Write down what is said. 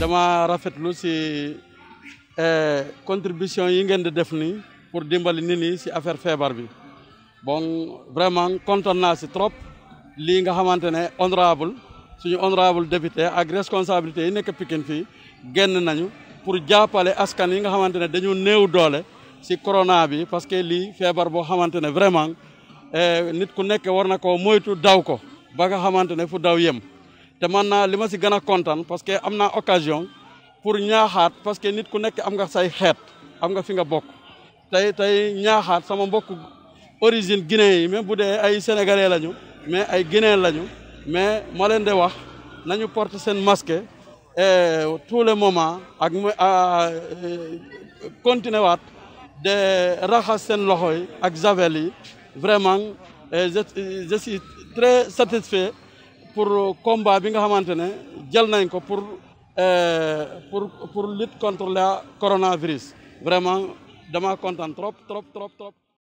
dama rafetlu si eh, contribution yi ngeen di def nii pour dimbali ni nii si affaire feebar bi bon vraiment kontaan si trop lii nga xamante ne honorable suñu honorable député ak responsabilité yi nekk Pikine fii génn nañu pour jàppale askan yi nga xamante ne dañu néew doole si corona bi parce que lii feebar boo xamante ne vraiment eh, nit ku nekke war na koo moytu daw ko ba nga xamante ne fu daw yem te man naa li ma si gën a kontaan parce que am naa occasion pour ñaaxaat parce que nit ku nekk am nga say xeet am nga fi nga bokk tey tey ñaaxaat sama mbokk origine guinéen yi même bu dee ay sénégalais lañu mais ay guinéen lañu mais ma leen di wax nañu porter seen masque tous les moment ak mu ah, euh, continuer waat de raxas seen loxo yi ak javel yi vraiment euh, je je satisfait pour combat bi nga xamante ne jël nañ ko pour euh, pour pour lutte contre la coronavirus vraiment dama kontaan trop trop trop trop